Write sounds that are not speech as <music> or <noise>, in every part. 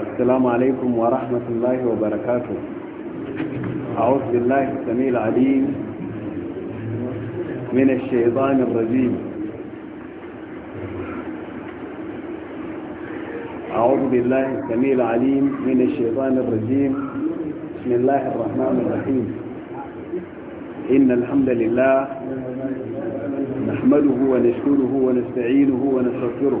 السلام عليكم ورحمة الله وبركاته أعوذ بالله السميع العليم من الشيطان الرجيم أعوذ بالله السميع العليم من الشيطان الرجيم بسم الله الرحمن الرحيم إن الحمد لله نحمده ونشكره ونستعينه ونستغفره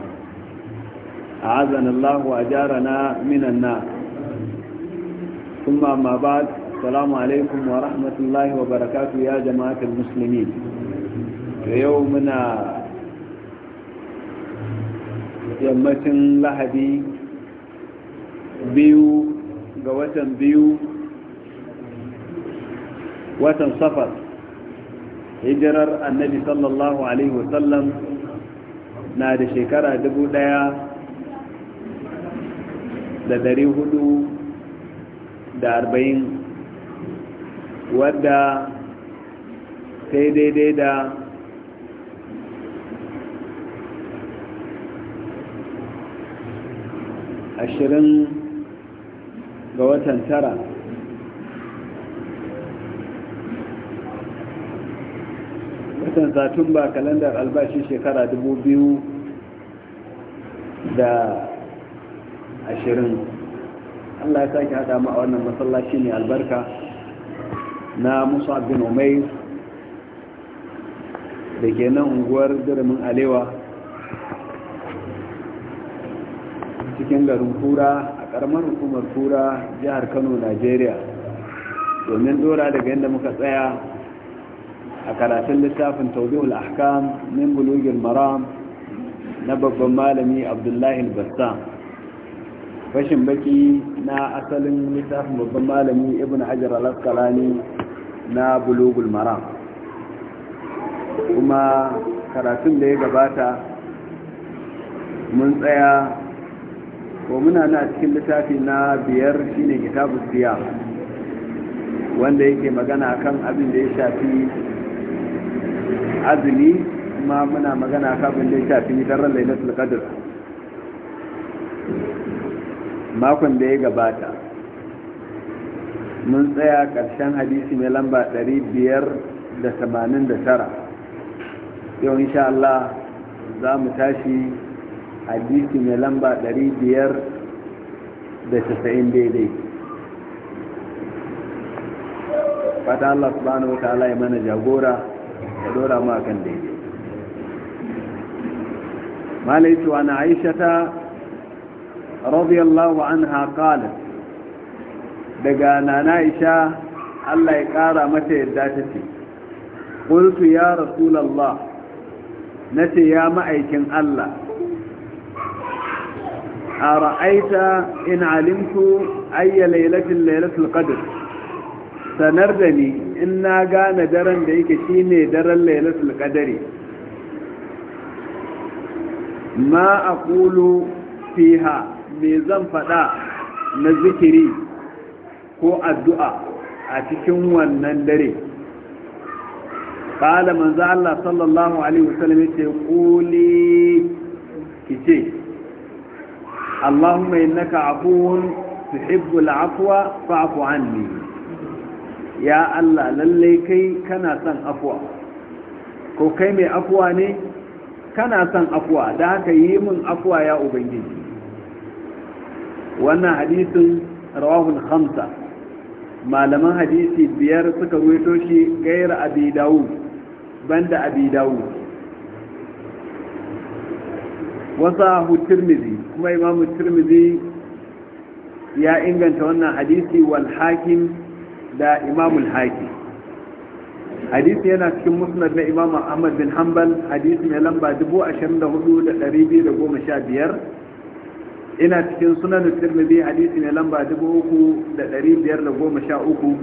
أعاذنا الله وأجارنا من النار ثم ما بعد السلام عليكم ورحمة الله وبركاته يا جماعة المسلمين يومنا yammacin lahadi biyu ga watan biyu watan safar hijirar annabi sallallahu alaihi wasallam na da shekara dubu ɗaya da dari hudu da arba'in wadda ta yi daidai da ashirin ga watan tara watan ba kalandar albashi shekara dubu biyu da ashirin allah ya sake haɗa mu a wannan masallaci ne albarka na musa bin umai da ke nan unguwar jarumin alewa cikin garin kura a karamar hukumar kura jihar kano nigeria domin dora daga yadda muka tsaya a karatun littafin taubihul ahkam min bulugin maram na babban malami abdullahi bassam fashin baki na asalin littafin babban malami ibn hajar al na bulugul maram kuma karatun da ya gabata mun tsaya ko muna na cikin littafi na biyar shine kitabu siya wanda yake magana kan abin da ya shafi azumi kuma muna magana kan abin da ya shafi daren lailatul qadr makon da ya gabata mun tsaya ƙarshen hadisi mai lamba 589 yau insha Allah za mu tashi hadisi mai lamba 590 daidai fata Allah subhanahu wa ta'ala ya mana jagora ya dora kan daidai malai cewa na aisha ta an anha qalat daga nana Aisha Allah ya kara mata yadda ta ce qultu ya na ce ya ma'aikin Allah A ara'aita in alimtu ayya laylatin laylatul qadr sanar da ni in na gane daren da yake shine daren laylatul qadri ma aqulu fiha me zan faɗa na zikiri ko addu'a a cikin wannan dare ƙala manzo Allah sallallahu alaihi wasallam ƙuli quli ce. Allahumma innaka afuwun tuhibbul afwa fa'fu anni ya Allah lalle kai kana son afwa ko kai mai afwa ne kana son afuwa da haka yi min afuwa ya ubangiji wannan hadisin rawahul khamsa malaman hadisi biyar suka ruwaito shi gaira abi dawud banda abi dawud wasahu tirmidhi kuma imamu tirmizi ya inganta wannan hadisi wal hakim da imamul hakim hadisi yana cikin musnad na imamu ahmad bin hanbal hadisi mai lamba 24215 ina cikin sunan tirmidhi hadisi mai lamba 3513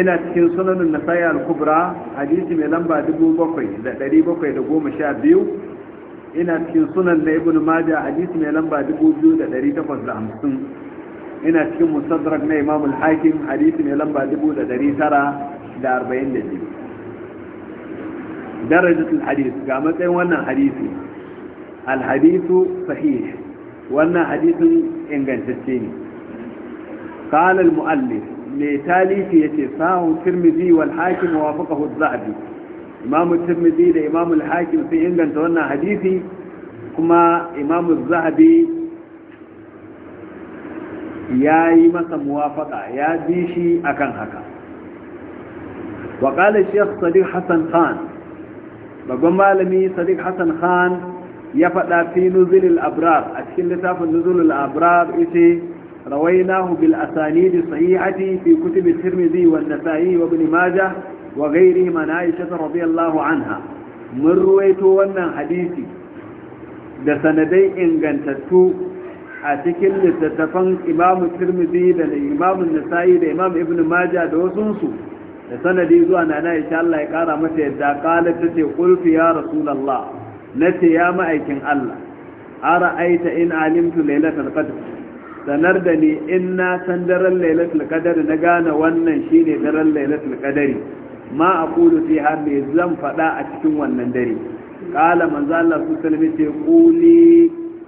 ina cikin sunan nasai al-kubra hadisi ne lamba 7712 ina cikin sunan na ibn majah hadisi mai lamba 2850 ina cikin musadrak na imam al-hakim hadisi ne lamba 1942 darajatul hadis ga matsayin wannan hadisi al الحديث صحيح wannan hadisin ingantacce ne qala muallif mai talifi yace sahu tirmidhi wal hakim wafaqahu az-zahabi imam da imam al sun inganta wannan hadisi kuma imam az-zahabi ya yi masa muwafaqa ya bi shi akan haka wa qala shaykh sadiq khan babban malami sadiq hasan khan ya faɗa fi nuzulil abrar a cikin littafin nuzulil abrar ita rawainahu bil asanidi sahihati fi kutubi tirmidhi wa nasa'i wa ibn majah wa ghairihi man aisha radiyallahu anha mun ruwaito wannan hadisi da sanadai ingantattu a cikin littattafan imam tirmidhi da imam nasa'i da imam ibn majah da wasunsu da sanadi zuwa nana insha Allah ya kara mata yadda qalat tace qultu ya rasulullah nace ya ma'aikin Allah ara aita in alimtu lailatul qadr sanar da ni in na san daren lailatul qadr na gane wannan shine daren lailatul qadr ma aqulu fi hadhihi zan fada a cikin wannan dare qala manzo Allah su sallame ce quli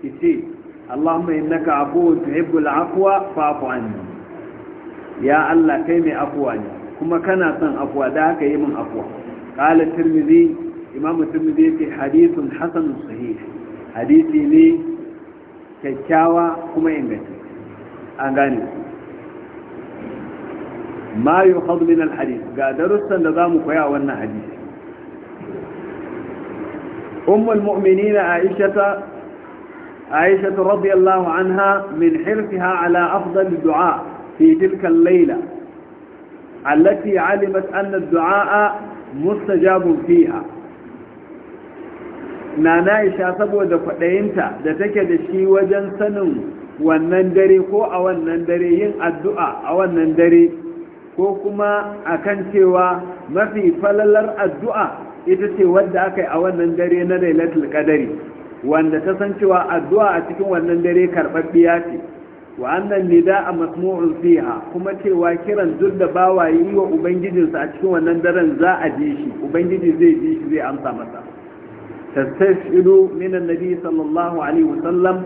kice Allahumma innaka afuwun tuhibbul afwa fa'fu anni ya Allah kai mai afuwa ne kuma kana son afuwa da haka yi min afuwa qala tirmidhi imam mutum zai ce hadithun hasan sahih hadisi ne kyakkyawa kuma inganta an gane ma yi min alhadis ga darussan da za mu koya wannan hadisi ام المؤمنين عائشه عائشه رضي الله عنها من حرفها على افضل الدعاء في تلك الليله التي علمت ان الدعاء مستجاب فيها na na isha saboda kwaɗayinta da take da shi wajen sanin wannan dare ko a wannan dare yin addu'a a wannan dare ko kuma akan cewa mafi falalar addu'a ita ce wadda aka yi a wannan dare na lailatul qadari wanda ta san cewa addu'a a cikin wannan dare karɓaɓɓiya ce wa annan nida a masmu'un fiha kuma cewa kiran duk da bawa yi wa ubangijinsa a cikin wannan daren za a ji shi ubangiji zai ji shi zai amsa masa تستشهد من النبي صلى الله عليه وسلم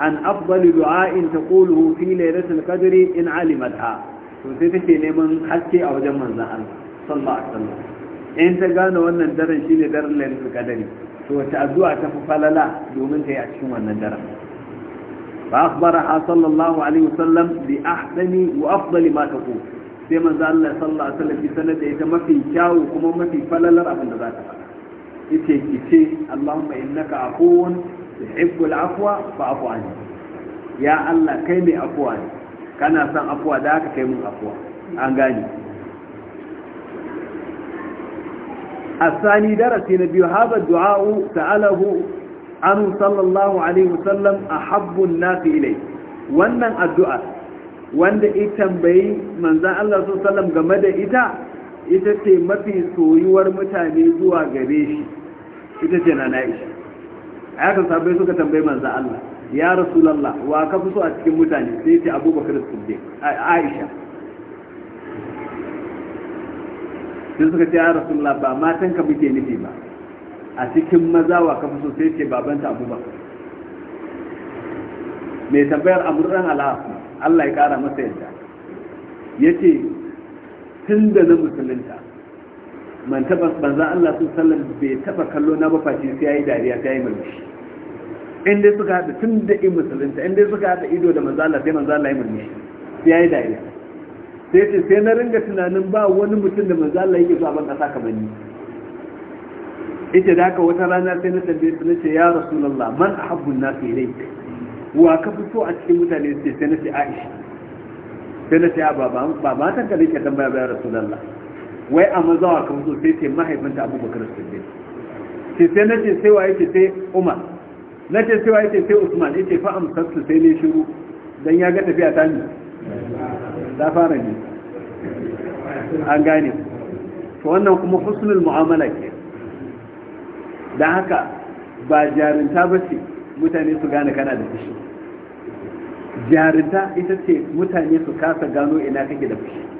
عن أفضل دعاء تقوله في ليلة القدر إن علمتها وتتكي نيمان حكي أو جمع زهان صلى الله عليه وسلم إن تقال وأن الدرن شيء لدر ليلة القدر وتأدعى تففل لا يومنك يأتشم أن الدرن فأخبرها صلى الله عليه وسلم بأحسن وأفضل ما تقول سيما زال الله صلى الله عليه وسلم في سنة إذا ما في شاو وما في فلل رأب النبات yace ki ce Allahumma innaka afuwun tuhibbul afwa fa'fu anni ya Allah kai mai afuwa ne kana son afuwa da haka kai mun afuwa an gani الثاني درس نبي هذا الدعاء سأله عنه صلى الله عليه وسلم أحب الناس إليه وأن الدعاء wanda ita tambayi manzan Allah sallam game da ita ita ce mafi soyuwar mutane zuwa gare shi ita ce na na'isha a yakan sabai suka tambayi manza Allah ya rasulallah wa ka fi so a cikin mutane sai ce abubakar siddiq aisha sai suka ce ya rasulullah ba matan ka muke nufi ba a cikin maza wa ka fi so sai ce babanta abubakar mai tambayar amurran al'afu Allah ya kara masa yadda ya ce tun da na musulunta man taba banza Allah sun sallar bai taba kallo na bafaci sai ya yi dariya sai ya yi murmushi in dai suka haɗa tun da in musulunta in dai suka haɗa ido da manzan Allah sai manzan Allah ya murmushi sai ya yi dariya sai ce sai na ringa tunanin ba wani mutum da manzan Allah yake zuwa ban kasa kamar ni ita da haka wata rana sai na tambaye su na ce ya rasulullah man na nasu yi. wa ka fito a cikin mutane sai na ce aisha sai na ce a Baba ba matan ka tambaya ba ya rasulullah wai a mazawa kan zo sai ce mahaifinta abubakar sai ce sai ce, sai wa ce sai umar na ce sai wa ce sai usman yake fa amsatu sai ne shiru dan ya ga tafiya ta ni ta fara ne an gane to wannan kuma husnul mu'amala ke Da haka ba jarinta ba ce mutane su gane kana da fushi jarinta ita ce mutane su kasa gano ina kake da fushi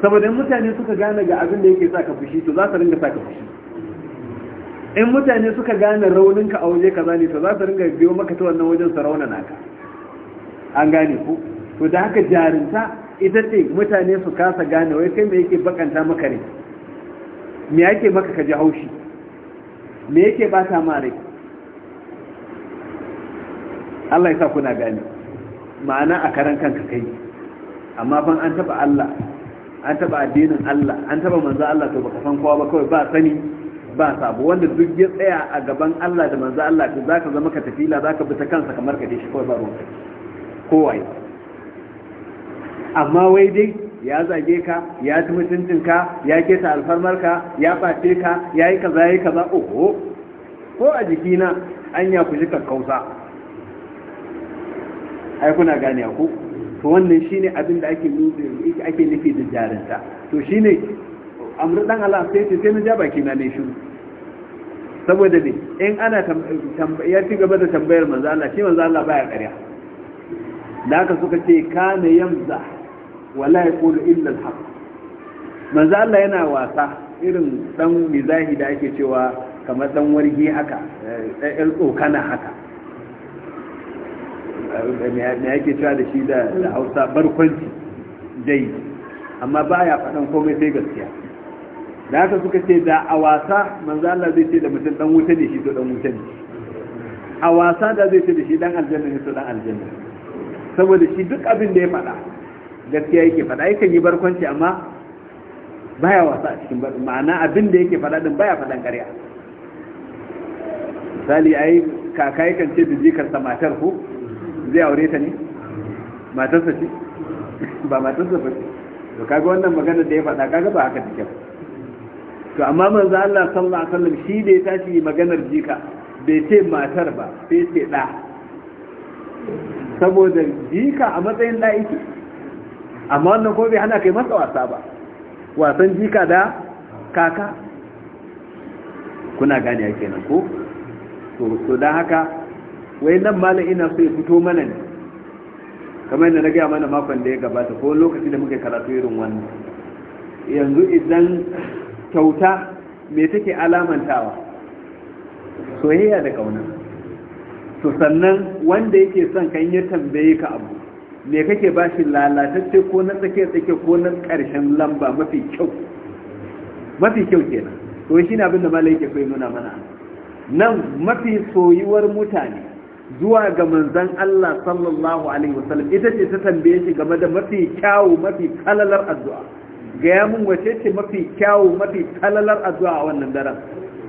saboda mutane suka gane ga abin da yake sa ka fushi to za su ringa sa ka fushi in mutane suka gane rauninka a waje kaza ne to za su ringa biyo maka ta wannan wajen su raunana ka an gane ku to da haka jarinta ita ce mutane su kasa gane wai kai me yake bakanta maka ne me yake maka ka ji haushi me yake bata ma rai Allah ya sa kuna gane ma'ana a karan kanka kai amma ban an taba Allah an taba addinin Allah an taba manzo Allah to baka san kowa ba kawai ba sani ba sabo wanda duk ya tsaya a gaban Allah da manzo Allah to zaka zama ka tafila zaka bi ta kansa kamar ka shi kawai ba ruwan kowai amma wai dai ya zage ka ya ci ka ya keta ka ya bace ka ya yi kaza yayi yi kaza oho ko a jikina na anya ku shi kakkausa ai kuna gane ku to wannan shine abin da ake nufi ake nufi da jarinta to shine amru dan Allah sai ce sai na ja baki na ne shi saboda ne in ana ya ci gaba da tambayar manzo Allah shi manzo Allah baya ƙarya da haka suka ce kana yamza wala yaqulu illa alhaq manzo Allah yana wasa irin dan mizahi da ake cewa kamar dan wargi haka ɗan eh, tsokana haka me yake cewa da shi da hausa barkwanci dai amma ba ya faɗan komai sai gaskiya da haka suka ce da a wasa manzo Allah zai ce da mutum ɗan wuta ne shi to ɗan wuta ne a wasa da zai ce da shi ɗan aljanna ne to ɗan aljanna saboda shi duk abin da ya faɗa gaskiya yake faɗa kan yi barkwanci amma ba ya wasa a cikin barkwanci ma'ana abin da yake faɗa din ya faɗan ƙarya misali yi kaka yakan ce da jikarsa matar ku zai aure ta ne matarsa ce ba matarsa ba ce to kaga wannan magana da ya faɗa kaga ba haka take to amma manzo Allah sallallahu alaihi wasallam shi da ya tashi maganar jika bai ce matar ba sai ce da saboda jika a matsayin yake, amma wannan ko bai hana kai masa wasa ba wasan jika da kaka kuna gane kenan ko to da haka wai nan malam ina so ya fito mana ne kamar yadda na gaya mana makon da ya gabata ko lokaci da muke karatu irin wannan yanzu idan kyauta me take alamantawa soyayya da kauna to sannan wanda yake son kan ya tambaye ka abu me kake ba shi lalatacce ko na tsake tsake ko na karshen lamba mafi kyau mafi kyau kenan to shi ne abin da malai yake so ya nuna mana nan mafi soyuwar mutane zuwa ga manzan Allah sallallahu alaihi wasallam ita ce ta tambaye shi game da mafi kyawu mafi kalalar addu'a gaya mun wace ce mafi kyawu mafi kalalar addu'a a wannan daren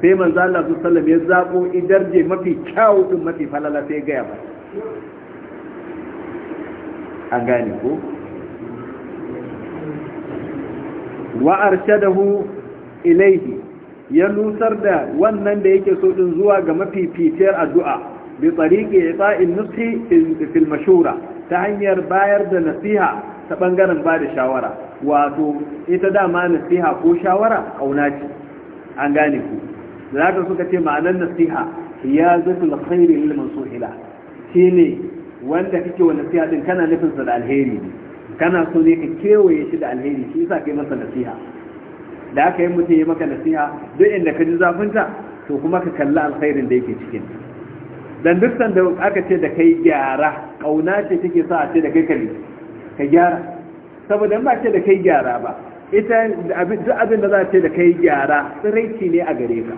sai manzan Allah sallallahu alaihi zaɓo ya zabo mafi kyawu din mafi falala sai gaya ba an gane ko wa arshadahu ilaihi ya nusar da wannan da yake so din zuwa ga mafi fitiyar addu'a bi tsariƙe tsa'in nufi fil ta hanyar bayar da nasiha ta ɓangaren ba da shawara wato ita dama nasiha ko shawara ƙauna ce an gane ku za ka suka ce ma'anar nasiha ya zafi alkhairi lil mansuhila shi ne wanda kake wa nasiha din kana nufinsa da alheri ne kana so ne ka kewaye shi da alheri shi yasa kai masa nasiha da aka yi mutum ya maka nasiha duk inda ka ji zafinta to kuma ka kalli alkhairin da yake cikin ta dan duk sanda aka ce da kai gyara kauna ce take sa a ce da kai kare ka gyara saboda ba ce da kai gyara ba ita duk abin da za a ce da kai gyara tsiraici ne a gare ka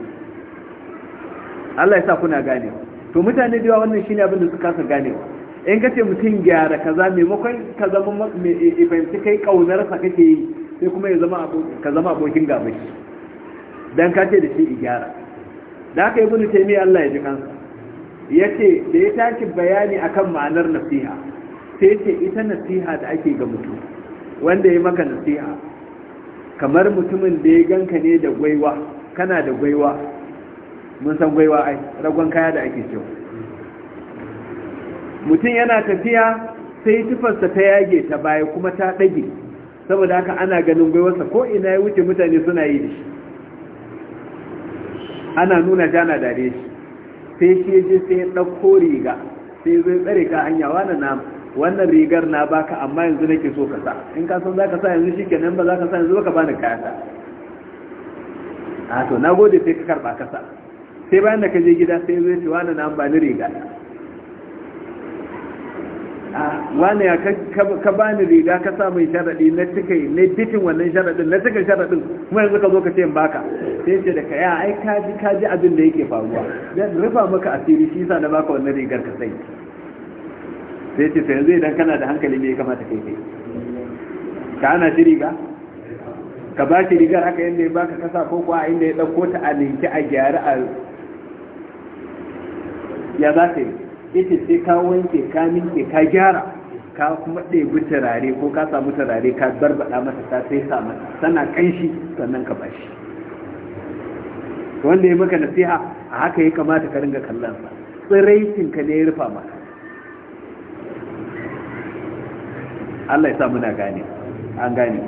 Allah ya sa kuna gane to mutane da yawa wannan shine abin da suka kasa gane in ka ce mutum gyara kaza maimakon ka zama eh, eh, fahimci kai sa kake yi sai kuma ya zama ka zama abokin gabashi Dan ka ce da shi gyara da aka yi bunu taimiyya Allah ya ji kansa ya ce da ya tashi bayani akan ma'anar nasiha sai ce ita nasiha da ake ga mutum wanda ya maka nasiha kamar mutumin da ya ganka ne da gwaiwa kana da gwaiwa mun san gwaiwa ai ragon kaya da ake cewa mutum yana tafiya sai tufarsa ta yage ta baya kuma ta ɗage saboda haka ana ganin gwaiwarsa ko ina ya wuce mutane suna yi da shi ana nuna jana dare shi sai shi je sai ya ɗauko riga sai zai tsare ka hanya wani na wannan rigar na baka amma yanzu nake so ka sa in ka san zaka sa yanzu shikenan ba ka sa yanzu baka bani kaya ta a to nagode sai ka karba ka sa sai bayan da ka je gida sai zai ce wani na ba ni riga wani ya ka ba ni riga ka sa mai sharaɗi na cika na bikin wannan sharaɗin na cikin sharaɗin kuma yanzu ka zo ka ce baka sai ce da ka ya ai kaji kaji abin da yake faruwa dan rufa maka asiri shi sa na baka wannan rigar ka sai sai ce sai yanzu idan kana da hankali me ya kamata kai kai ka ana shi riga ka ba shi rigar haka yanda ya baka kasa ko kuwa inda ya ɗauko ta a ninki a gyara a ya za ta yi ita sai ka wanke ka ninke ka gyara ka kuma ɗebi turare ko ka samu turare ka barbaɗa masa ta sai sa masa kan kanshi sannan ka bashi wanda ya maka nasiha a haka ya kamata ka ringa kallon sa tsiraitin ka ne ya rufa maka Allah ya sa muna gane an gane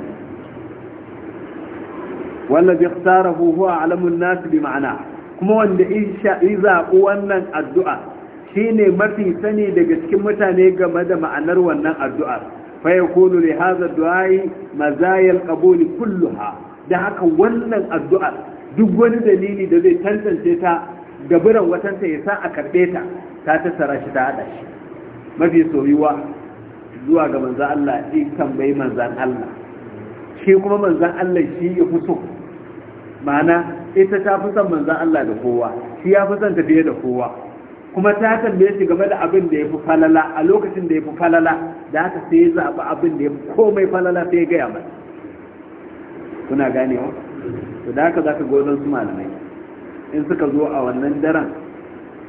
bi ikhtarahu huwa alamun nasu bi ma'ana kuma wanda in zaɓi wannan addu'a ne mafi sani daga cikin mutane game da ma'anar wannan addu'ar fa yakunu haza du'ayi, du'ai mazayal kullu kulluha da haka wannan addu'ar duk wani dalili da zai tantance ta gaburan watanta ya sa a karɓe ta ta tattara shi ta hada shi mafi soyuwa zuwa ga manzan Allah shi tambayi manzan Allah shi kuma manzan Allah shi ya fito ma'ana ita ta fi son manzan Allah da kowa shi ya fi son tafiye da kowa kuma ta tambaye shi game da abin da ya fi falala a lokacin da ya fi falala da haka sai ya zaɓi abin da ya fi komai falala sai ya gaya mata kuna ganewa to da haka za ka godon su malamai in suka zo a wannan daren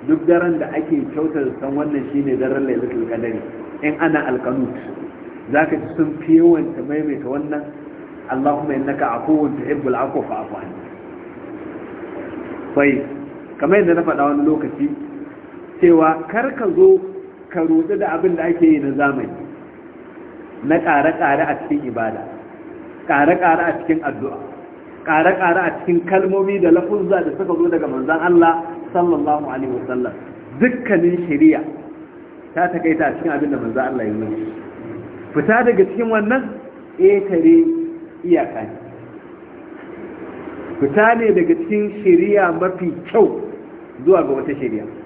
duk daren da ake kyautar san wannan shine daren lailatul qadari in ana alqanut zaka ji sun fi yawan ta maimaita wannan Allahumma innaka afuwun tuhibbul afwa fa'fu anni Sai kamar yadda na faɗa wani lokaci cewa kar ka zo ka roɗi da abin da ake yi na zamani na ƙare-ƙare a cikin ibada ƙare-ƙare a cikin addu'a ƙare-ƙare a cikin kalmomi da lafuzza da suka zo daga manzan Allah sallallahu alaihi wasallam dukkanin shari'a ta takaita a cikin abin da manzan Allah ya yi fita daga cikin wannan ƙetare iyaka ne fita ne daga cikin shari'a mafi kyau zuwa ga wata shari'a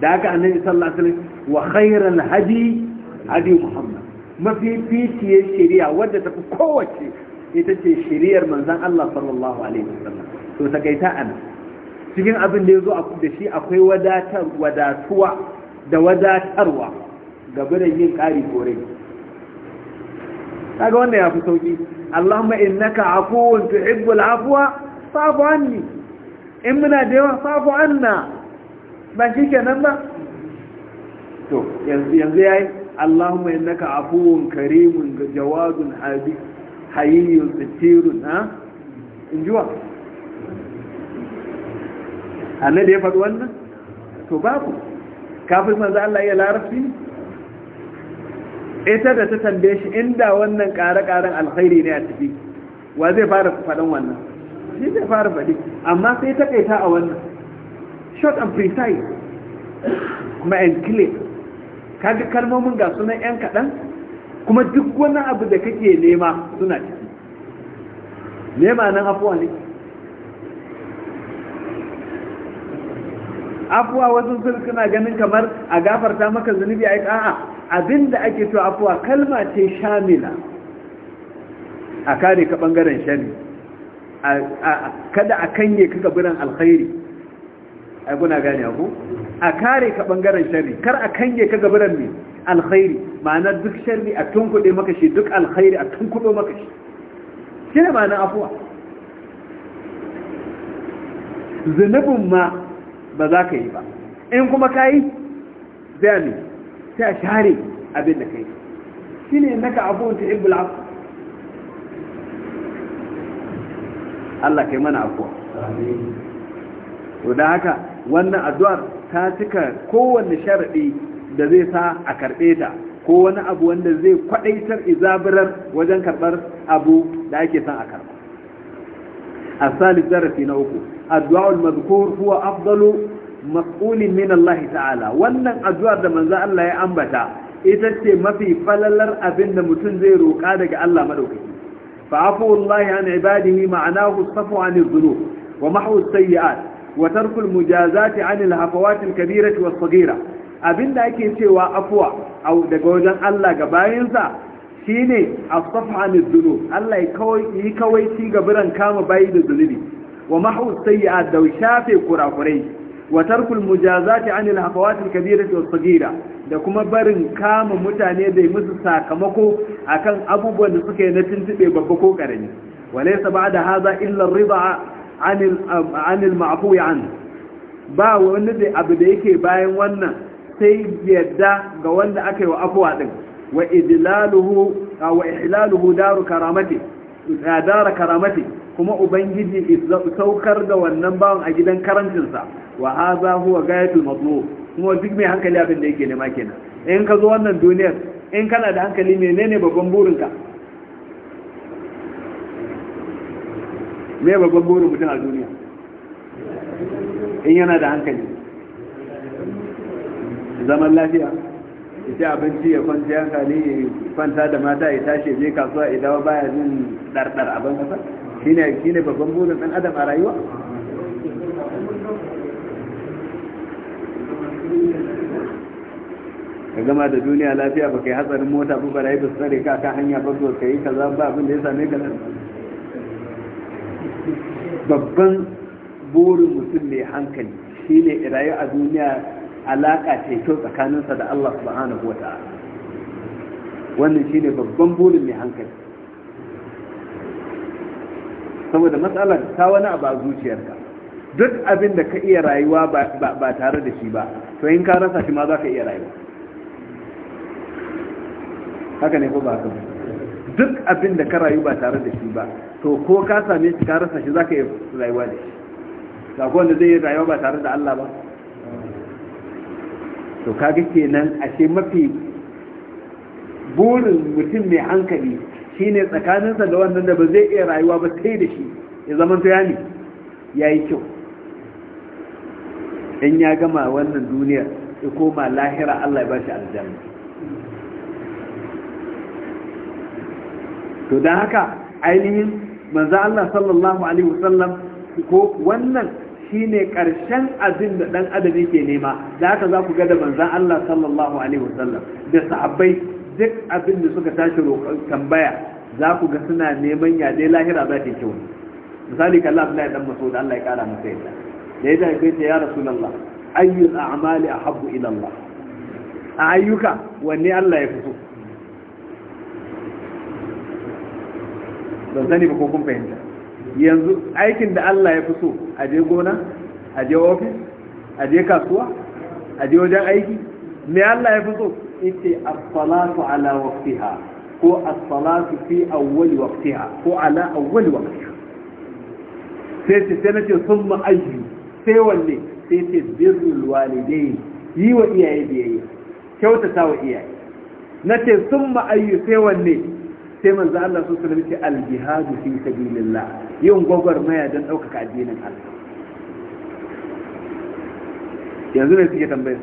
da haka annabi sallallahu alaihi wasallam wa khairal hadi hadi muhammad mafi fitiyar shari'a wadda tafi kowace ita ce shari'ar manzon Allah sallallahu alaihi wasallam to takaita an cikin abin da yazo da shi akwai wadatar wadatuwa da wadatarwa gaba da yin kari kore kaga wannan ya fi sauki Allahumma innaka afuwun tuhibbul afwa fa'fu anni in muna da yawa fa'fu anna ba shi kenan ba to yanzu ya yi allahumma innaka afuwun karimun jawadun habi hayyun tsirun ha in jiwa annabi ya faɗi wannan to babu kafin manzo Allah ya larabci ita da ta tambaye shi inda wannan ƙare-ƙaren alkhairi ne a ciki wa zai fara faɗin wannan shi zai fara faɗi amma sai ta kaita a wannan short and precise ma and clear kaji kalmomin ga sunan yan kaɗan kuma duk wani abu da kake nema suna ciki nema nan afuwa ne afuwa wasu sun suna ganin kamar a gafarta maka zunubi a yi ƙa'a abinda ake to afuwa kalma ce shamila a kare ka ɓangaren shari kada a kanye ka biran alkhairi ai kuna gane ku a kare ka bangaren sharri kar a kange ka gabaran mai alkhairi ma'ana duk sharri a tunkuɗe maka shi duk alkhairi a tunkuɗo maka shi shi ne ma'ana afuwa zunubin ma ba za ka yi ba in kuma ka yi zai ne sai a share abin da ka yi shi ne naka abuwan ta ibula afu Allah kai mana afuwa to haka wannan addu'ar ta cika kowanne sharaɗi da zai sa a karɓe ta ko wani abu wanda zai kwadaitar izabirar wajen karɓar abu da ake son a karba الثالث درسي نوكو الدعاء المذكور هو أفضل مسؤول من الله ta'ala. wannan addu'ar da manzo Allah ya ambata ita ce mafi falalar abin da mutum zai roƙa daga Allah madaukaki fa afu Allah an ibadihi ma'anahu safu an dhunub wa mahu sayyi'at wa tarkul mujazati anil hafawatil kabirati was saghira abinda ake cewa afwa au daga wajen Allah ga bayansa shine as-safha dhunub Allah ya kawai yi kawai ci gaburan kama bayi da zunubi wa mahu sayyi'at da shafe kurakurai wa tarkul mujazati anil hafawatil kabirati was saghira da kuma barin kama mutane da musu sakamako akan abubuwan da suke na tuntube babba ko karami walaysa ba'da hadha illa ar-ridha anil ma'afu an ba wani da abu da yake bayan wannan sai yadda ga wanda aka yi wa afuwa din wa idlaluhu ihlaluhu daru karamati dara karamati kuma ubangiji saukar da wannan bawon a gidan karancinsa wa haza huwa gayatul matlub kuma duk mai hankali abin da yake nema kenan in ka zo wannan duniyar in kana da hankali menene babban burinka me babban burin mutum a duniya in yana da hankali zaman lafiya ita abinci ya kwanci hankali ya kwanta da mata ya tashi je kasuwa ya dawo baya jin ɗarɗar a ban kasa shi ne babban burin ɗan adam a rayuwa ka gama da duniya lafiya ba kai hatsarin mota ba barayi ba su tsare ka kan hanya ba ka yi kaza ba abin da ya same ka nan babban burin mutum mai hankali shine rayu a duniya alaƙa ce kyau tsakaninsa da Allah subhanahu wa ta'ala wannan shine babban burin mai hankali saboda matsalar ta wani abu a zuciyarka duk abin da ka iya rayuwa ba tare da shi ba to in ka rasa shi ma za ka iya rayuwa haka ne ko ba ka duk abin da ka rayu ba tare da shi ba to ko ka same shi ka rasa shi za ka yi rayuwa da shi ga wanda zai yi rayuwa ba tare da Allah ba to kaga kenan ashe mafi burin mutum mai hankali shine tsakaninsa da wannan da ba zai iya rayuwa ba sai da shi ya zama to yani yayi kyau in ya gama wannan duniyar ya koma lahira Allah ya shi aljanna to da haka ainihin manzo Allah sallallahu alaihi wasallam ko wannan shine karshen abin da dan adam yake nema da haka za ku ga da manzo Allah sallallahu alaihi wasallam da sahabbai duk abin da suka tashi roƙon tambaya za ku ga suna neman ya dai lahira za ta kyau misali kalla Abdullahi dan Mas'ud Allah ya kara masa yadda da yadda ya dai ce ya Rasulullah ayyul a'mali ahabbu ila Allah ayyuka wanne Allah ya fito ban sani ba ko kun fahimta yanzu aikin da Allah ya fi so a je gona a je ofis a je kasuwa a je wajen aiki me Allah ya fi so ita as-salatu ala waqtiha ko as-salatu fi awwal waqtiha ko ala awwal waqtiha sai ce sai nace summa ayyu sai wanne sai ce birrul walidain yi wa iyaye biyayya kyautata wa iyaye nace summa ayyu sai wanne sai manzo Allah su su ce al-jihadu fi sabilillah yin gwagwarmaya don ɗaukaka addinin Allah yanzu ne suke tambayar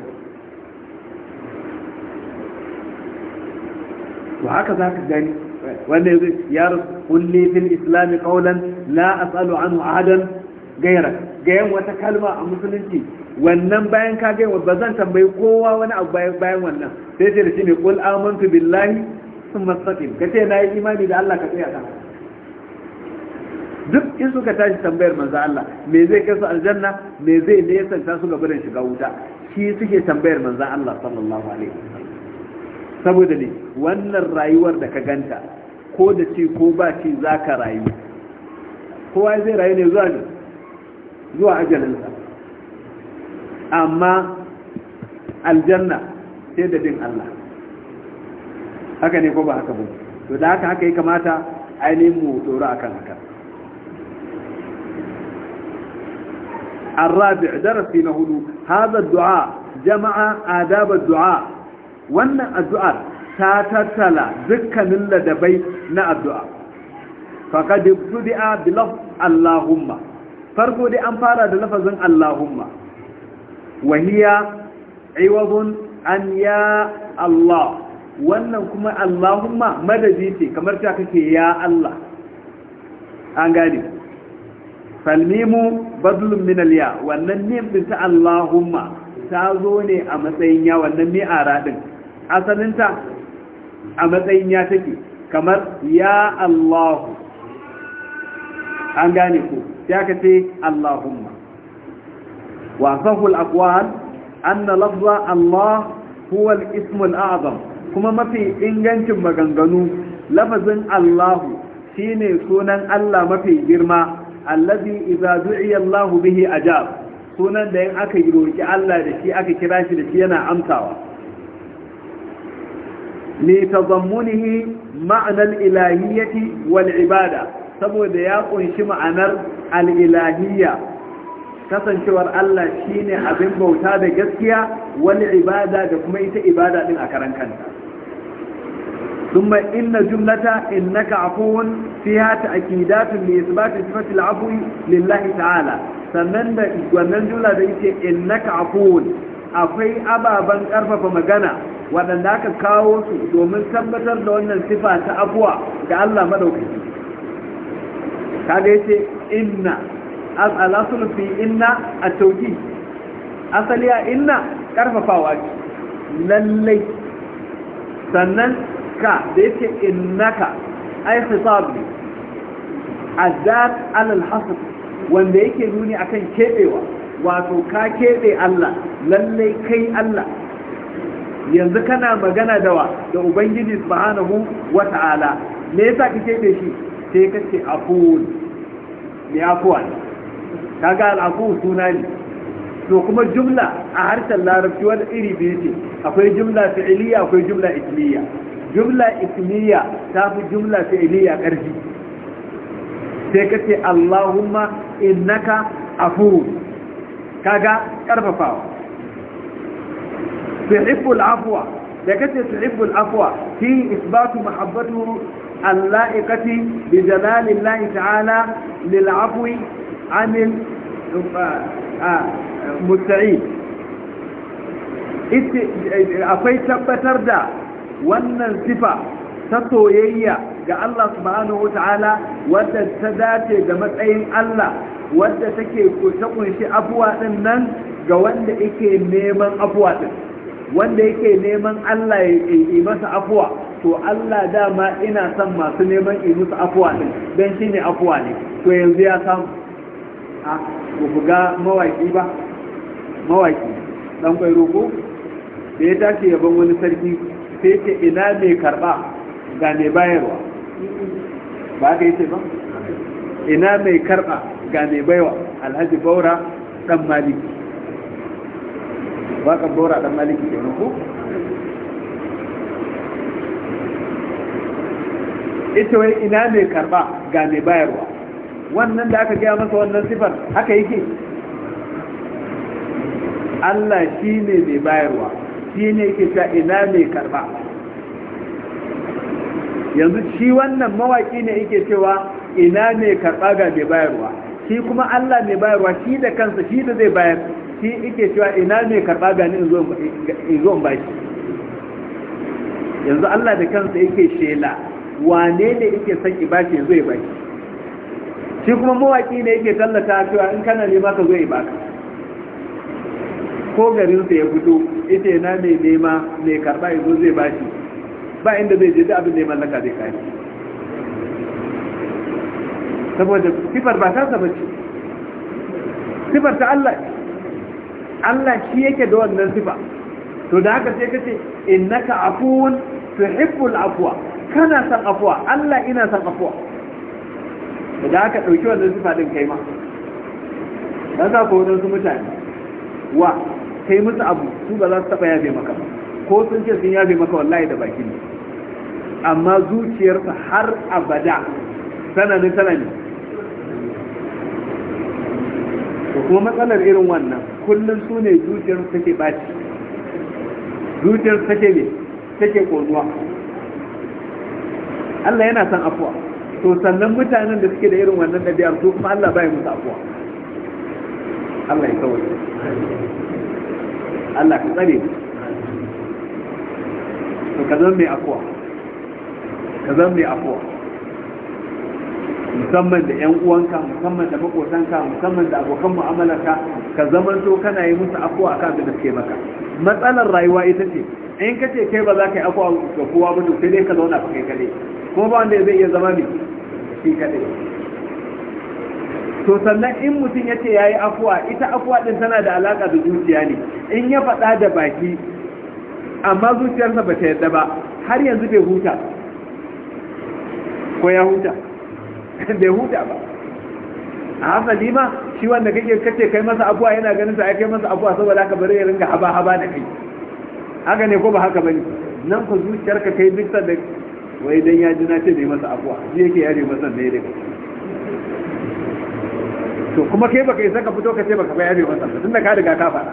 to haka za ka gani wanda yanzu ya kulli fil islam qawlan la as'alu anhu ahadan gaira gayan wata kalma a musulunci wannan bayan ka gayan ba zan tambayi kowa wani abu bayan wannan sai ce da shi ne kul amantu billahi sun mastaqim ka ce na yi imani da Allah ka a kan duk in suka tashi tambayar manzo Allah me zai kai su aljanna me zai ne ya santa su gaba da shiga wuta shi suke tambayar manzo Allah sallallahu alaihi saboda ne wannan rayuwar da ka ganta ko da ce ko ba ce za ka rayu kowa zai rayu ne zuwa ne zuwa ajalinsa amma aljanna sai da bin Allah haka ne ko ba haka ba to da haka haka ya kamata ainihin mu tsoro akan haka الرابع درسي نهدو هذا الدعاء جمع آداب الدعاء وأن الدعاء تاتتلا ذكا من لدبي نا الدعاء فقد ابتدع بلفظ اللهم فرقوا دي أنفارة لفظ اللهم وهي عوض أن يا الله wannan kuma Allahumma madadi ce kamar ta kake ya Allah an gane falmimu badlun min alya wannan ne din ta Allahumma ta zo ne a matsayin ya wannan mai din asalin ta a matsayin ya take kamar ya Allah an gane ko ta kace Allahumma wa sahul aqwal anna lafza Allah huwa al-ismu al-a'zam kuma mafi ingancin maganganu lafazin Allahu shine sunan Allah mafi girma allazi idza du'iya Allahu bihi ajab sunan da in aka yi Allah da shi aka kira shi da shi yana amsawa li tadammunihi ma'na al-ilahiyyati wal ibada saboda ya kunshi ma'anar al-ilahiyya kasancewar Allah shine abin bauta da gaskiya wal ibada da kuma ita ibada din a karan kanta ثم إن جملة إنك عفو فيها تأكيدات لإثبات صفة العفو لله تعالى sannan da wannan jumla da yake innaka afuwun akwai ababen karfafa magana waɗanda aka kawo su domin tabbatar da wannan sifa ta afuwa ga Allah madaukaki kaga yace inna al-aslu fi inna at-tawkid asali a inna karfafawa ce lallai sannan ka da yake innaka ai khitab ne alal hasab wanda yake nuni akan kebewa wato ka kebe Allah lalle kai Allah yanzu kana magana da wa da ubangiji subhanahu wata'ala me yasa ka kebe shi sai ka ce afun ne kaga al'afu suna to kuma jumla a harshen larabci wani iri biyu ce akwai jumla fi'iliya akwai jumla ismiya jumla ismiya ta fi jumla fi'iliya ƙarfi sai ka ce Allahumma innaka afu kaga ƙarfafawa tuhibbul afwa da kace tuhibbul afwa fi isbatu mahabbatu اللائقة بجلال الله تعالى للعفو amin المستعين akwai tabbatar da wannan sifa ta soyayya ga Allah subhanahu wata'ala wadda ta dace ga matsayin Allah wadda take ta kunshi abuwa din nan ga wanda yake neman abuwa din wanda yake neman Allah ya yi masa afuwa to Allah dama ina son masu neman yi musu afuwa din don shi ne afuwa ne to yanzu ya samu ah, a ku ga mawaki ba mawaki dan kwairo ko da ya tashi yaban wani sarki sai yake ina mai karba ga mai bayarwa ba ka ce ba ina mai karba ga mai baiwa alhaji baura dan maliki ba ka baura dan maliki ke ko ita wai ina mai karba ga mai bayarwa wannan da aka gaya masa wannan sifar haka yake Allah shi ne mai bayarwa shi ne ke ina mai karba yanzu shi wannan mawaki ne yake cewa ina mai karba ga mai bayarwa shi kuma Allah mai bayarwa shi da kansa shi da zai bayar shi yake cewa ina mai karba ga ni in zo in baki yanzu Allah da kansa yake shela wane ne yake son ibaki yanzu ya baki shi kuma mawaki ne yake tallata cewa in kana ma ka zo ibaka ko garinsa ya fito ita yana mai nema mai karba ya zo zai bashi ba inda zai je da abin da ya mallaka zai kayi saboda sifar ba ta saba ce sifar ta Allah Allah shi yake da wannan sifa to da haka sai kace innaka afuwun tuhibbul afwa kana san afwa Allah ina san afwa da haka dauki wannan sifa din kai ma dan za ku su mutane wa kai musu abu su ba za su taba yabe maka ko sun ce sun yabe maka wallahi da baki ne amma zuciyarsa har abada tana ne tana ne to kuma matsalar irin wannan kullum su ne zuciyar take baci zuciyar take ne take konuwa Allah yana son afuwa to sannan mutanen da suke da irin wannan ɗabi'ar su kuma Allah bai musu afuwa Allah ya kawai Allah ka tsare mu ka zama mai afuwa ka zan mai afuwa musamman da yan uwanka musamman da makotanka musamman da abokan mu'amalarka ka zaman to kana yi musu afuwa a kan da suke maka matsalar rayuwa ita ce in ka ce kai ba za ka yi afuwa ga kowa ba to sai dai ka zauna ka kai kaɗai kuma ba wanda zai iya zama mai shi kaɗai to sannan in mutum ya ce ya yi afuwa ita afuwa ɗin tana da alaƙa da zuciya ne in ya faɗa da baki amma zuciyarsa ba ta yadda ba har yanzu bai huta ko ya huta <laughs> bai huta ba a haka lima shi wanda kake kace kai masa afuwa yana ganin sa ai kai masa afuwa saboda haka bari ya ringa haba haba da kai haka ne ko ba haka bane nan ku zuciyarka kai bisa da wai dan ya ji na ce bai masa afuwa. shi yake yare masa ne daga to kuma kai baka isa ka fito ka ce baka bayani bayar masa tunda ka riga ka fara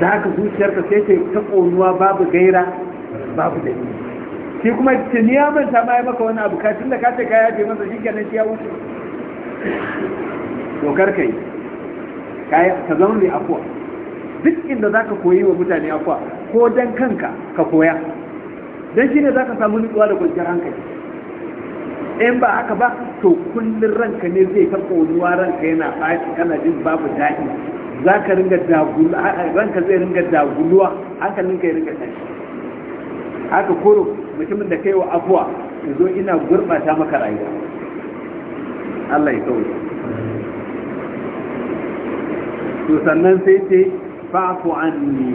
da haka zuciyarka sai ce ta konuwa babu gaira babu da shi kuma tuni ya manta ma ya maka wani abu kafin da ka ce ka yaje masa shi kenan shi ya wuce dokar kai ka zama mai afuwa duk inda za ka koyi wa mutane afuwa ko dan kanka ka koya Dan shi ne za ka samu nutsuwa da kwanciyar hankali in ba haka ba to kullum ranka ne zai ta ƙonuwa ranka yana fashi kana jin babu daɗi za ka ringa dagulu ranka zai ringa daguluwa ka ya ringa tashi haka koro mutumin da kai wa afuwa, ya zo ina gurɓata maka rayuwa Allah ya kawai to sannan sai ce fa'afu ni.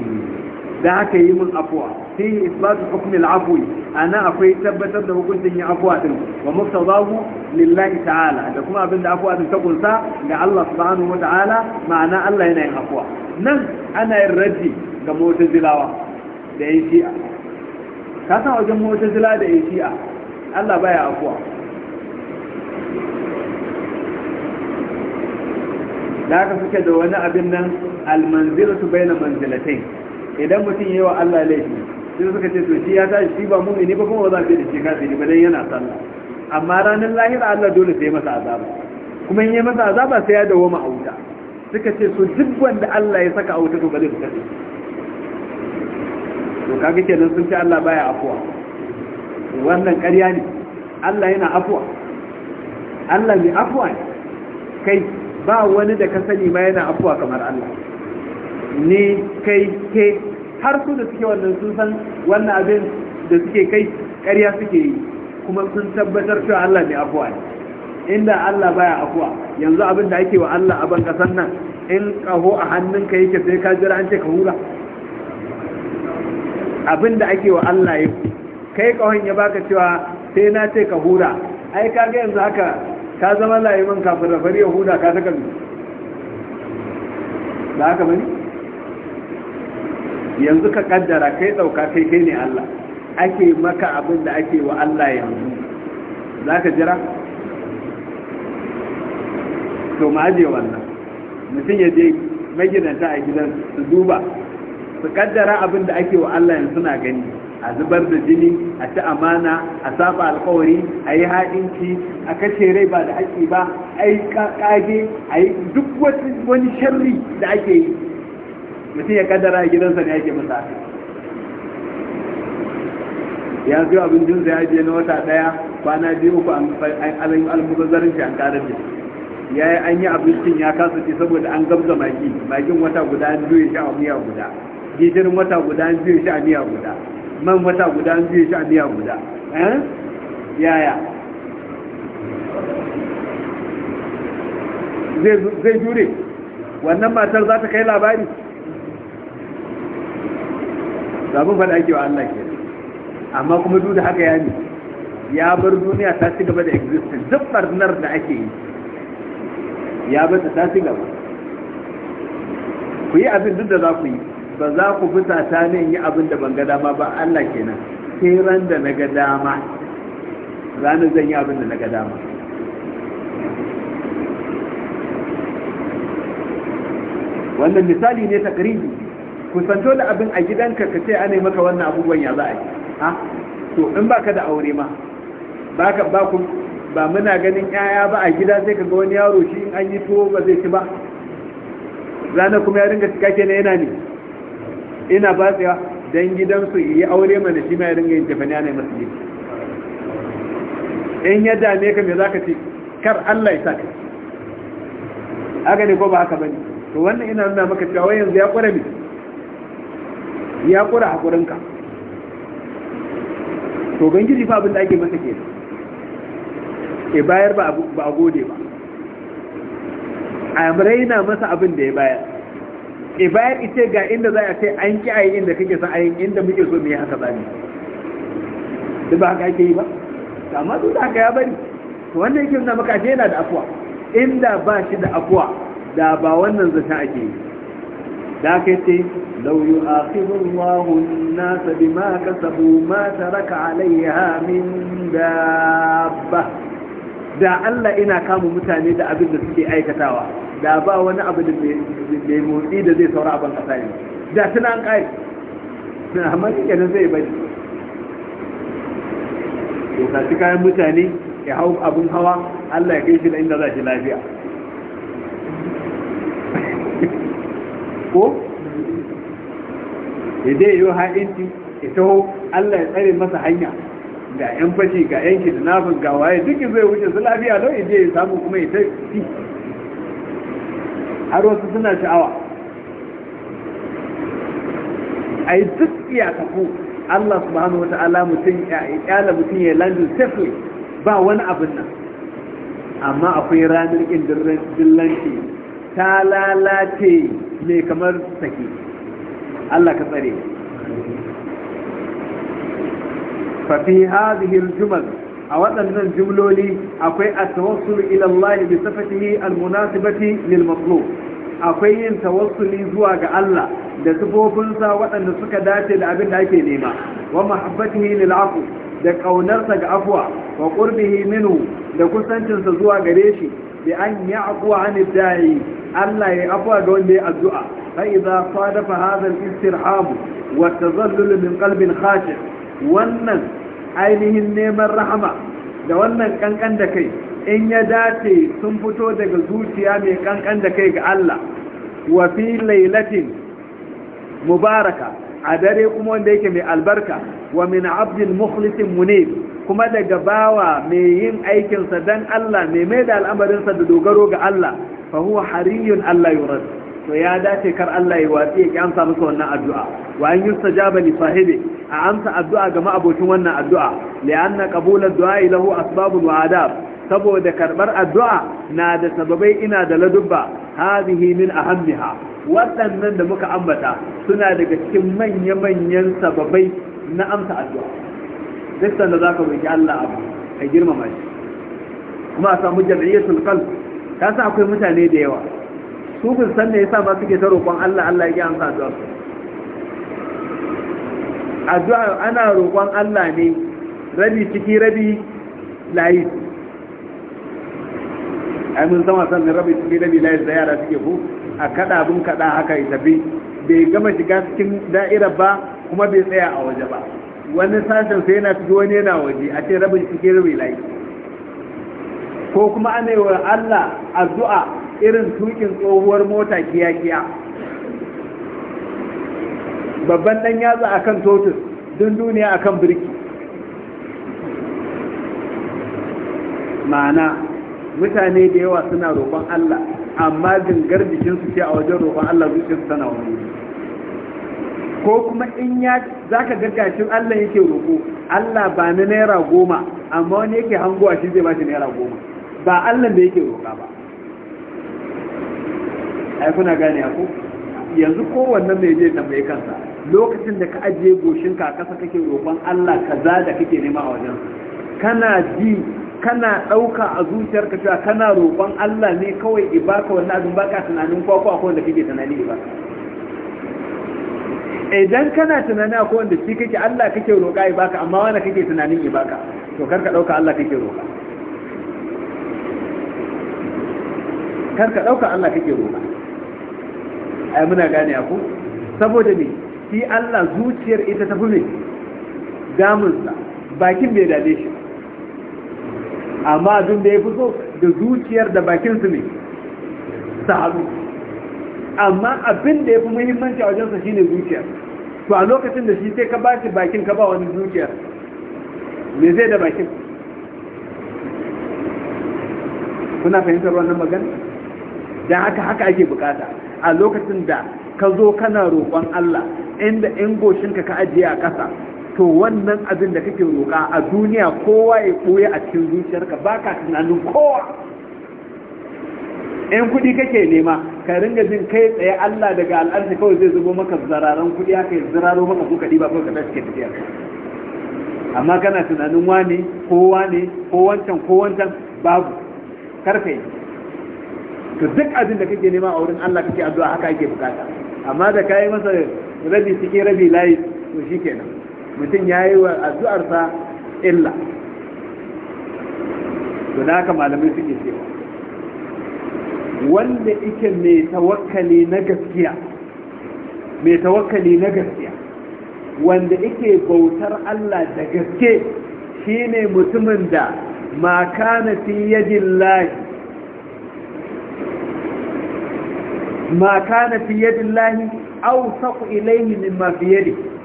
da haka yi min afuwa fi isbatu hukm al-afwi ana akwai tabbatar da hukuncin yin afwa din wa muqtadahu lillahi ta'ala da kuma abin da afwa din ta kunsa ga Allah subhanahu wa yin afwa nan ana yin raddi ga mu'tazilawa da yan shi'a ka san wajen mu'tazila da Allah baya da wani abin nan almanzilatu bayna idan mutum yi wa Allah laifi sai suka ce to shi ya tashi shi ba mumini ba kuma ba za ka da shi kafiri ba dan yana sallah amma ranar lahira Allah dole sai masa azaba kuma in yi masa azaba sai ya dawo ma auta suka ce so duk wanda Allah ya saka auta to ba zai kace to kaga kenan sun ce Allah baya afuwa wannan ƙarya ne Allah yana afuwa Allah mai afuwa ne kai ba wani da ka sani ma yana afuwa kamar Allah Ni kai ke har su da suke wannan sun san wannan abin da suke kai ƙarya suke yi kuma sun tabbatar cewa Allah ne afuwa ne inda Allah baya afuwa yanzu abin da ake wa Allah a ban kasan nan in kaho a hannunka yake sai ka jira an ce ka hura abin da ake wa Allah ya kai kahon ya baka cewa sai na ce ka hura ai ka ga yanzu haka ka zama layiman kafin rafari ya huda ka saka ba haka bane yanzu ka kaddara kai dauka kai kai ne Allah ake maka abin da ake wa Allah yanzu za ka jira? to ma je wannan mutum ya je magidanta a gidan su duba su kaddara abin da ake wa Allah yanzu suna gani a zubar da jini a ci amana a saba alkawari a yi haɗinci a kashe rai ba da haƙi ba a yi ƙage a yi duk wani sharri da ake yi mutum ya kaddara gidansa ne yake masa ya zo abin jinsa ya je na wata daya kwana biyu uku an alayin almubazzarin shi an karar da ya yi an yi abincin ya kasa ce saboda an gabza maki makin wata guda an juye shi a miya guda gijirin wata guda an juye shi a miya guda man wata guda an juye shi a miya guda eh? yaya zai jure wannan matar za ta kai labari zaɓin faɗa ake wa Allah ke amma kuma duk da haka ya ne ya bar duniya ta ci gaba da existence duk barnar da ake yi ya bar ta ci gaba ku yi abin duk da za ku yi ba za ku fita ta ne yi abin da ban ga dama ba Allah kenan sai ran da na ga dama ranar zan yi abin da na ga dama wannan misali ne ta ƙaribi kusanto da abin a gidanka ka ce ana maka wannan abubuwan ya za a yi ha to in baka da aure ma baka ba ku ba muna ganin yaya ba a gida sai kaga wani yaro shi in an yi tuwo ba zai ci ba rana kuma ya ringa cika na yana ne ina ba tsaya dan gidansu yi aure mana shi ma ya ringa yin tafani ana masa gidi in ya dame ka me zaka ce kar Allah ya saka haka ne ko ba haka bane to wannan ina nuna maka cewa yanzu ya kware ne ya kura haƙurinka to gangiji fa abin da ake masa ke ke bayar ba a gode ba a raina masa abin da ya bayar ke bayar ita ga inda za a ce an ki a yi inda kake sa a yi inda muke so mai haka bani? da ba haka ake yi ba amma duk da haka ya bari to wanda yake nuna maka yana da afuwa inda ba shi da afuwa da ba wannan zaton ake yi da aka ce lau a akirun wahun nasa bi ma kasabu ma taraka alaiha min dabba da Allah ina kama mutane da abin da suke aikatawa da ba wani abu da mai motsi da zai saura abin kasa ne da suna an kai suna amma shi kenan zai bari to kayan mutane ya hau abin hawa Allah ya kai shi da inda za shi lafiya ko ya zai yi ha'inci ya taho allah ya tsare masa hanya ga yan fashi ga yan da ga waye duk zai wuce su lafiya don ya ya samu kuma ya ta fi har wasu suna sha'awa a yi duk iyakaku allah subhanahu wata'ala mutum ya kyala mutum ya landin safely ba wani abin nan amma akwai ranar ƙin dillanci ta lalace mai kamar sake Allah ka tsare fafi hazihil jumal a waɗannan jumloli akwai a tawassul ilallahi bi sifatihi al-munasibati lil matlub akwai yin tawassuli zuwa ga Allah da sifofinsa waɗanda suka dace da abin da ake nema wa mahabbatihi lil afu da ƙaunarsa ga afuwa wa qurbihi minu da kusancinsa zuwa gare shi bi an ya'fu an da'i Allah ya afuwa ga wanda ya addu'a fa idza sadafa hadha al-istirham wa tazallul min qalbin khashi wannan ainihin neman rahama da wannan kankan da kai in ya dace sun fito daga zuciya mai kankan da kai ga Allah wa fi lailatin mubaraka a dare kuma wanda yake mai albarka wa min abdin mukhlisin munib kuma daga bawa mai yin aikinsa dan Allah mai mai da al'amarinsa da dogaro ga Allah fa huwa hariyun Allah yurad to ya dace kar Allah ya watsi ya amsa masa wannan addu'a wa an jaba li sahibi a amsa addu'a ga ma'abocin wannan addu'a li'anna qabul ad-du'a lahu asbabun wa adab saboda karbar addu'a na da sababai ina da ladubba hadhihi min ahammiha waɗannan da muka ambata suna daga cikin manya-manyan sababai na amsa addu'a duk sanda za ka roƙi Allah abu ka girmama shi kuma a samu jam'iyyatul qalb ka san akwai mutane da yawa su bin san ne yasa ba suke ta roƙon Allah Allah ya amsa addu'a addu'a ana roƙon Allah ne rabi ciki rabi layi ai mun san rabi ciki rabi layi da yara suke ku a kada abin kada haka ya tafi bai gama shiga cikin da'ira ba kuma bai tsaya a waje ba wani sashen sai yana ciki wani yana waje a ce rabin cikin rabin lai ko kuma ana yi wa Allah addu'a irin tukin tsohuwar mota kiyakiya babban dan yatsa akan totus don duniya akan birki ma'ana mutane da yawa suna roƙon Allah amma gangar su ce a wajen roƙon Allah zuciyarsu tana wani ko kuma in ya za ka gargashin Allah yake roƙo Allah ba na naira goma amma wani yake hangowa shi zai ba shi naira goma ba Allah da yake roƙa ba ai kuna gane ko yanzu kowanne mai je tambaye kansa lokacin da ka ajiye goshinka a ƙasa kake roƙon Allah kaza da kake nema a wajen kana ji kana ɗauka a zuciyarka cewa kana roƙon Allah ne kawai i baka wannan abin baka tunanin ko ko akwai wanda kike tunani ba idan kana tunani a kowanda shi kake Allah kake roƙa i baka amma wanda kake tunanin i baka to kar ka ɗauka Allah kake roƙa kar ka ɗauka Allah kake roƙa ai muna gane ku saboda ne shi Allah zuciyar ita tafi ne damunsa bakin bai dade shi amma abin da ya fi so da zuciyar da bakinsu ne su haɗu amma abin da ya fi muhimmanci a wajensa shine zuciyar to a lokacin da shi sai ka ba shi bakin ka ba wani zuciyar me zai da bakin kuna fahimtar wannan magana don haka haka ake bukata a lokacin da ka zo kana roƙon Allah inda in goshinka ka ajiye a ƙasa to wannan abin da kake roƙa a duniya kowa ya koya a cikin zuciyarka ba ka tunanin kowa in kuɗi kake nema ka ringa jin kai tsaye Allah daga al'arshi kawai zai zubo maka zararan kuɗi haka ya ziraro maka ko kaɗi ba kawai ka tashi tafiya amma kana tunanin wani ko wani ko wancan ko wancan babu karfe to duk abin da kake nema a wurin Allah kake addu'a haka yake bukata amma da kai masa rabi cikin rabi layi to shikenan mutum ya yi wa addu'arsa illa to da haka malamai suke cewa wanda ike mai tawakkali na gaskiya mai tawakkali na gaskiya wanda ike bautar Allah da gaske shine mutumin da ma kana fi yadin lahi ma kana fi yadin lahi au saku ilaihi mimma fi yadihi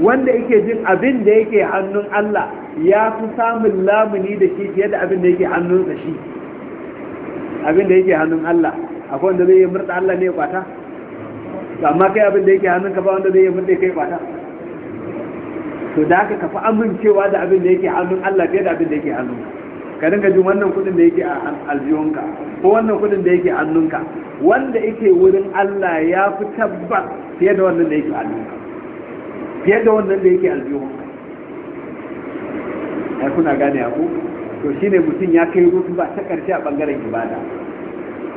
wanda yake jin abin da yake hannun Allah ya fi samun lamuni da shi fiye da abin da yake hannunsa shi abin da yake hannun Allah akwai wanda zai yi murta Allah ne kwata amma kai abin da yake ka ba wanda zai yi murta kai kwata to da aka ka amincewa da abin da yake hannun Allah fiye da abin da yake hannun ka dinga jin wannan kudin da yake a aljihunka ko wannan kudin da yake hannunka wanda yake wurin Allah ya fi tabbas fiye da wannan da yake hannunka fiye da wannan da yake aljihun ya kuna gane ku to shi ne mutum ya kai rutu ba ta karshe a bangaren ibada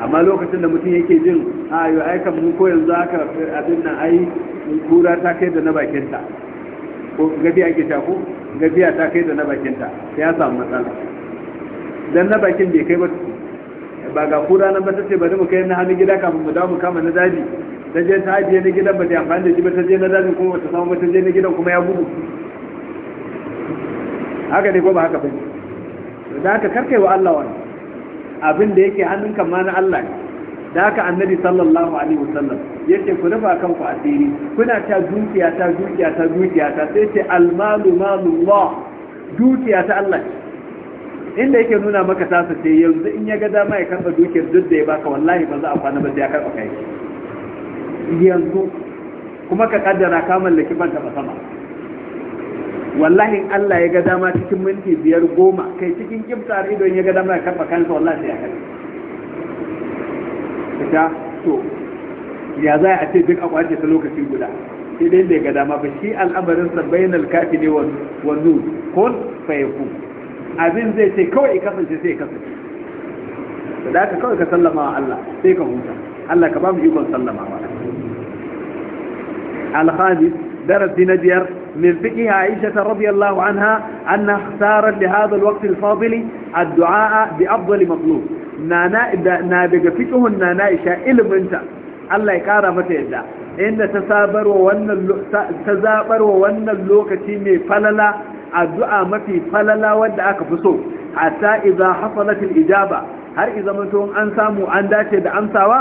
amma lokacin da mutum yake jin a yau aikan mu ko yanzu haka abin nan ai kura ta kai da na bakinta ko gabi ake ta ku gabi ta kai da na bakinta sai ya samu matsala dan na bakin bai kai ba ba ga kura nan ba ta ce bari mu kai na hannun gida kafin mu dawo mu kama na daji ta je ta ajiye na gidan ba ta amfani da shi ba ta je na dajin kuma ta samu ba ta je na gidan kuma ya gudu haka ne ko ba haka ba da haka karkai wa Allah wani abin da yake hannunka ma na Allah ne da haka annabi sallallahu alaihi wasallam yake ku rufa kanku asiri kuna ta dukiya ta dukiya ta dukiya ta sai ce almalu malullah dukiya ta Allah inda yake nuna maka tasa ce yanzu in ya ga dama ya karba dukiyar duk da ya baka wallahi ba za a kwana ba sai ya karba kai yanzu kuma ka kaddara ka mallaki ban taba sama wallahi Allah ya ga dama cikin minti biyar goma kai cikin kiftar idon ya ga dama ya kafa kansa wallahi ya kai ta to ya za a ce duk akwai ta lokaci guda sai dai bai ga dama ba shi al'amarin sa bainal kafi ne wa nur kun fayaku abin zai ce kawai kasance sai kasance da haka kawai ka sallama wa Allah sai ka huta Allah ka ba mu ikon sallamawa الخامس درس نجر من فقه عائشة رضي الله عنها أن اختارت لهذا الوقت الفاضل الدعاء بأفضل مطلوب نانا نابق فقه النانا إشاء إلمنت الله يقارى متعدى إن تسابر وأن تزابر وأن اللوكة مي فللا الدعاء متي فللا ودعك فسوق حتى إذا حصلت الإجابة هل إذا منتهم أنساموا أن داشد أمساوا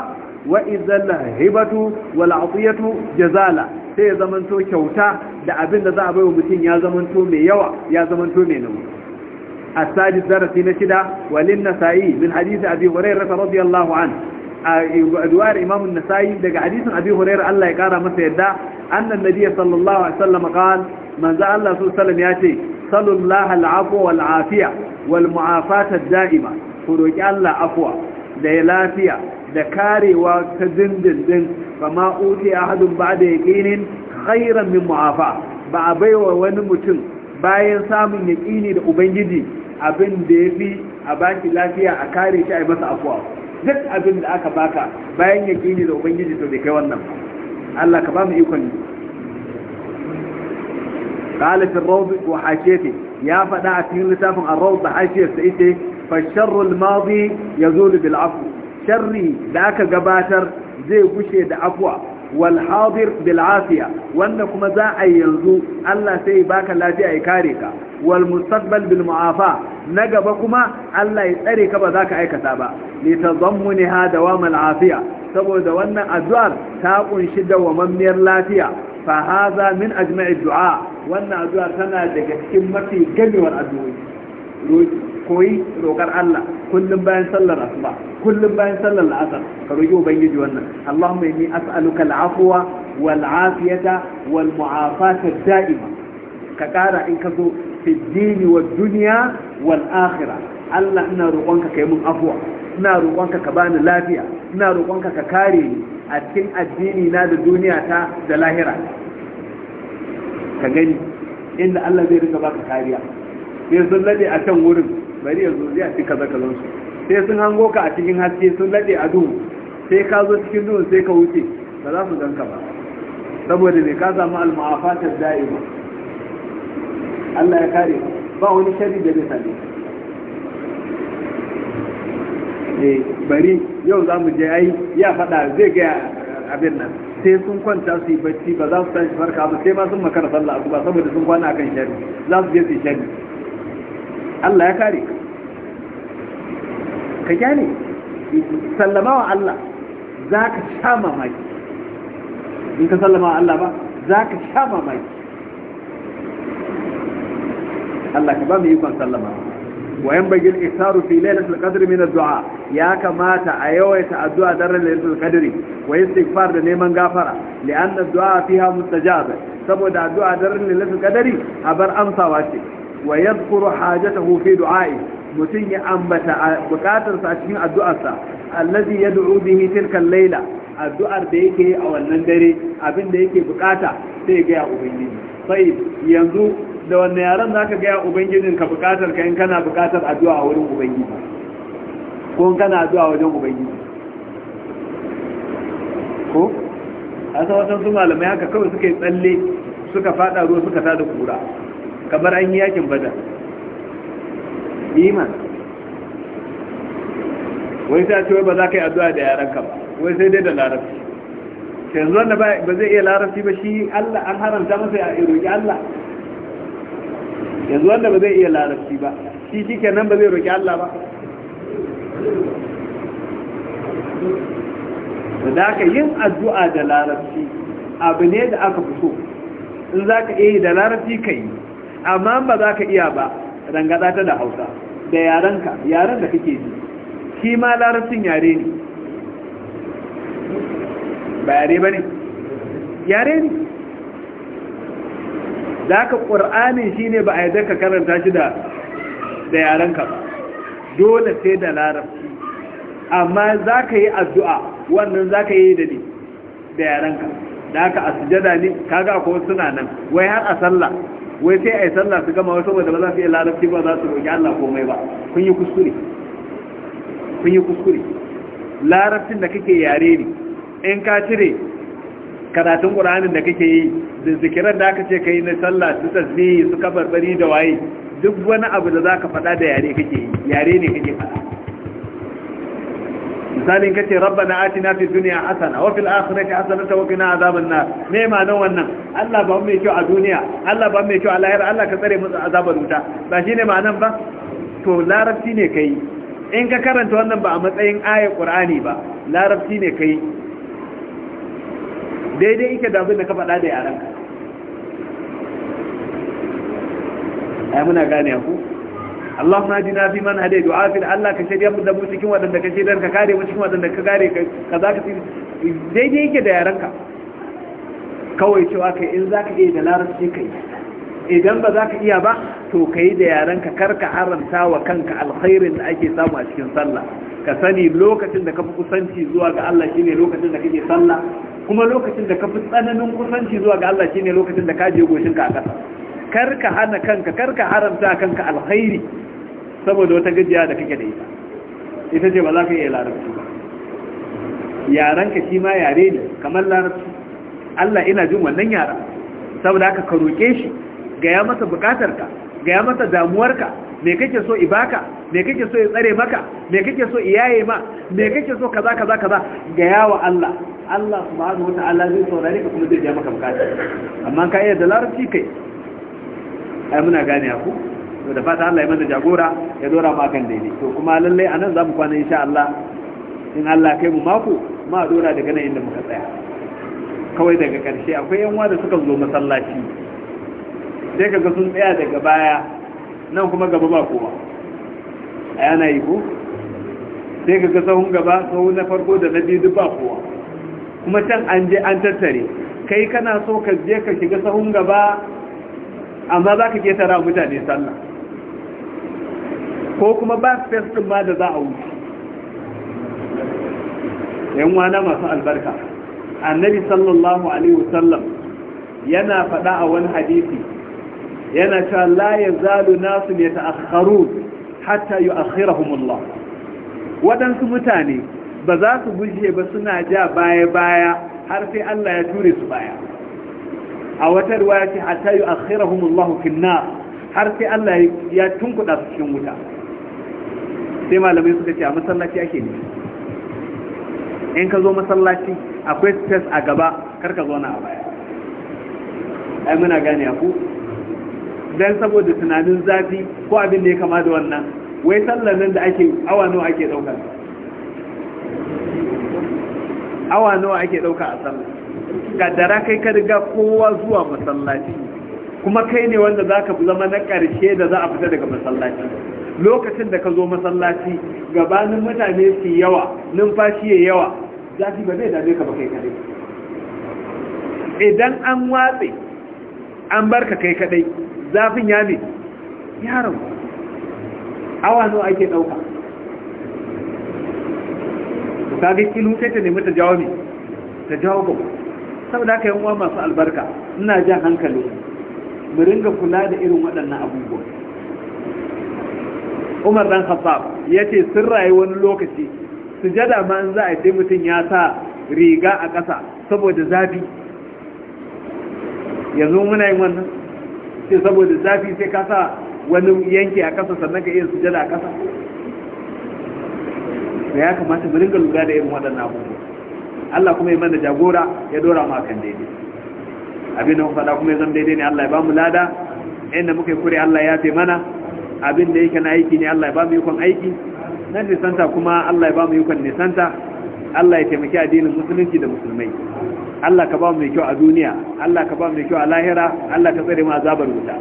wa izalla hibatu wal atiyatu jazala sai ya to kyauta da abin da za a baiwa mutum ya zaman mai yawa ya zaman to mai nauyi asajid darasi na shida walin nasai min hadisi abi hurairah radiyallahu an a duwar imam an-nasai daga hadisin abi hurairah Allah ya kara masa yadda annan nabi sallallahu alaihi wasallam qala Allah sallallahu ya ce sallallahu al-afwa wal afiya wal mu'afata ad-da'ima ku roki Allah afwa da lafiya da karewa ta dindindin ba a uti ahadun da yaqinin khairan min mu'afa ba a baiwa wani mutum bayan samun yaqini da ubangiji abin da yafi a baki lafiya a kare shi a masa afuwa duk abin da aka baka bayan yaqini da ubangiji to da kai wannan Allah ka ba mu ikon قال في الروض وحاشيته يا فدا في لتاف الروض حاشيه فالشر الماضي يزول بالعفو sharri da aka gabatar zai gushe da afwa wal hadir bil afiya wanda kuma za a yanzu Allah sai baka lafiya ya kare ka wal mustaqbal bil muafa na gaba kuma Allah ya tsare ka ba za ka aikata ba li tadammunha wa al afiya saboda wannan addu'ar ta kunshi dawamammiyar lafiya fa hadha min ajma'i du'a wannan addu'ar tana daga cikin mafi gamewar addu'o'i koyi roƙar Allah kullum bayan sallar asuba kullum bayan sallar la'asar ka roƙi ubangiji wannan Allahumma inni as'aluka al'afwa wal afiyata wal mu'afata da'ima ka ƙara in ka zo fi dini wa duniya wal akhira Allah ina roƙonka kai mun afwa ina roƙonka ka bani lafiya ina roƙonka ka kare ni a cikin addini na da duniya ta da lahira ka gani inda Allah zai rika baka kariya yanzu sun lade a can wurin bari ya zo zai a ci kaza su sai sun hango ka a cikin haske sun lade a duhu sai ka zo cikin duhu sai ka wuce ba za su ka ba saboda ne ka samu al-mu'afatar da'ima Allah ya kare ba wani shari da zai ne eh bari yau za mu je ai ya faɗa zai ga abin nan sai sun kwanta su yi bacci ba za su tashi farka ba sai ma sun makara sallah ba saboda sun kwana akan shari za su je su yi shari Allah ya kare ka gyane sallama wa Allah za ka sha mamaki in ka sallama wa Allah ba za ka sha mamaki Allah ka ba mu ikon sallama wa yan bagil isaru fi lailatul qadr min ad-du'a ya kamata a yawaita addu'a daren lailatul qadr wa istighfar da neman gafara li'anna ad-du'a fiha mustajaba saboda addu'a daren lailatul a bar amsawa ce wa yadhkuru hajatahu fi du'a'i mutum ya ambata bukatar a cikin addu'arsa allazi yad'u bihi tilka al-laila addu'ar da yake a wannan dare abin da yake bukata sai ga ubangiji sai yanzu da wannan yaran zaka ga ubangijin ka bukatar ka in kana bukatar addu'a a wurin ubangiji ko in kana addu'a wajen ubangiji ko a sa wasan malamai haka kawai suka yi tsalle suka fada ruwa suka tada kura kamar an yi yakin bada iman wai sai ce ba za ka yi addu'a da yaran ka ba wai sai dai da larabci yanzu wanda ba zai iya larabci ba shi Allah an haramta masa ya roƙi Allah yanzu wanda ba zai iya larabci ba shi shi nan ba zai roƙi Allah ba da da aka yin addu'a da larabci abu ne da aka fi so in za ka iya da larabci ka yi amma ba za ka iya ba rangada ta da hausa da yarenka yaren da kake ji shi ma larabcin yare ne ba yare ba ne yare ne za ka ƙur'ani shi ne ba a yi ka karanta shi da yarenka ba dole sai da larabci amma za ka yi addu'a wannan za ka yi da ne da yarenka da aka a sujada ne kaga ko suna nan wai har a sallah wai sai a yi sallah su gama wasu wadda ba za su iya larabci ba za su roƙi Allah komai ba kun yi kuskure kun yi kuskure larabcin da kake yare ne in ka cire karatun ƙur'anin da kake yi da zikirar da aka ce ka yi na sallah su tasbihi su kabarbari da waye duk wani abu da za ka faɗa da yare kake yi yare ne kake faɗa misalin kace rabbana atina fid dunya hasana wa fil akhirati hasanata wa qina azaban nar me ma nan wannan Allah ba mai kyau a duniya Allah ba mai kyau a lahira Allah ka tsare mu azaban wuta ba shine nan ba to larabci ne kai in ka karanta wannan ba a matsayin ayat qur'ani ba larabci ne kai daidai yake da abin da ka faɗa da yaranka ai muna gane ku اللهم اهدنا في من هديت وعافنا الله كشريا da mu cikin wadanda ka shedar ka kare mu cikin wadanda ka kare ka za ka daidai yake da yaranka kawai cewa kai in zaka iya da larabci kai idan ba za ka iya ba to ka yi da yarenka karka haranta wa kanka alkhairin da ake samu a cikin sallah ka sani lokacin da ka fi kusanci zuwa ga Allah shine lokacin da kake sallah kuma lokacin da ka fi tsananin kusanci zuwa ga Allah shine lokacin da ka je goshinka a ƙasa karka hana kanka karka haramta kanka alkhairi saboda wata gajiya da kake da ita ita ce ba za ka iya larabci ba yaranka shi ma yare ne kamar larabci Allah ina jin wannan yara saboda haka ka roƙe shi gaya masa bukatarka gaya masa damuwarka me kake so ibaka me kake so ya tsare maka me kake so iyaye ma me kake so kaza kaza kaza gaya wa Allah Allah subhanahu wataala zai saurare ka kuma zai ja maka bukata amma ka iya da larabci kai ai muna gane ku to da fata Allah ya mana jagora ya dora mu akan daidai to kuma lalle anan zamu kwana insha Allah in Allah kai mu mako ma dora daga nan inda muka tsaya kawai daga karshe akwai yan da suka zo masallaci sai kaga sun tsaya daga baya nan kuma gaba ba kowa a yana yi ko sai kaga sahun gaba sahun na farko da na biyu duk ba kowa kuma can an je an tattare kai kana so ka je ka shiga sahun gaba amma za ka ketara mutane sallah ko kuma ba space ɗin ma da za a wuce yan wana masu albarka annabi sallallahu alaihi wasallam yana faɗa a wani hadisi yana cewa la yazalu nasu ne ta'akharun hatta yu'akhirahumullah waɗansu mutane ba za su gushe ba suna ja baya-baya har sai Allah ya ture su baya a wata ruwa ce a yi akhirahum Allah fi har sai Allah ya tunkuɗa su cikin wuta sai malamai suka ce a masallaci ake ne in ka zo masallaci akwai space a gaba kar ka zauna a baya ai muna gane ku dan saboda tunanin zafi ko abin da ya kama da wannan wai sallar nan da ake awa nawa ake ɗauka awa nawa ake ɗauka a sallar kaddara kai ka riga kowa zuwa masallaci kuma kai ne wanda za ka zama na ƙarshe da za a fita daga masallaci lokacin da ka zo masallaci gabanin mutane su yawa numfashi ya yawa zafi ba zai dame ka ba kai kadai idan an watse an barka kai kadai zafin ya ne yaron awa nawa ake ɗauka ta ga kilu sai ta nemi ta jawo ne ta jawo saboda haka yan uwa masu albarka ina jan hankali mu ringa kula da irin waɗannan abubuwan. Umar dan Khattab yace sun rayu wani lokaci sujada ma in za a yi mutum ya sa riga a ƙasa saboda zafi yanzu muna yin wannan sai saboda zafi sai ka sa wani yanki a ƙasa sannan ka iya sujada a ƙasa ya kamata mu ringa lura da irin waɗannan abubuwan. Allah kuma ya mana jagora ya dora mu akan daidai abin da faɗa kuma ya zama daidai ne Allah ya ba mu lada inda muka kure Allah ya fi mana abin da yake na aiki ne Allah ya ba mu yukon aiki na nisanta kuma Allah ya ba mu yukon nisanta Allah ya taimaki addinin musulunci da musulmai Allah ka ba mu mai kyau a duniya Allah ka ba mu mai kyau a lahira Allah ka tsare mu azabar wuta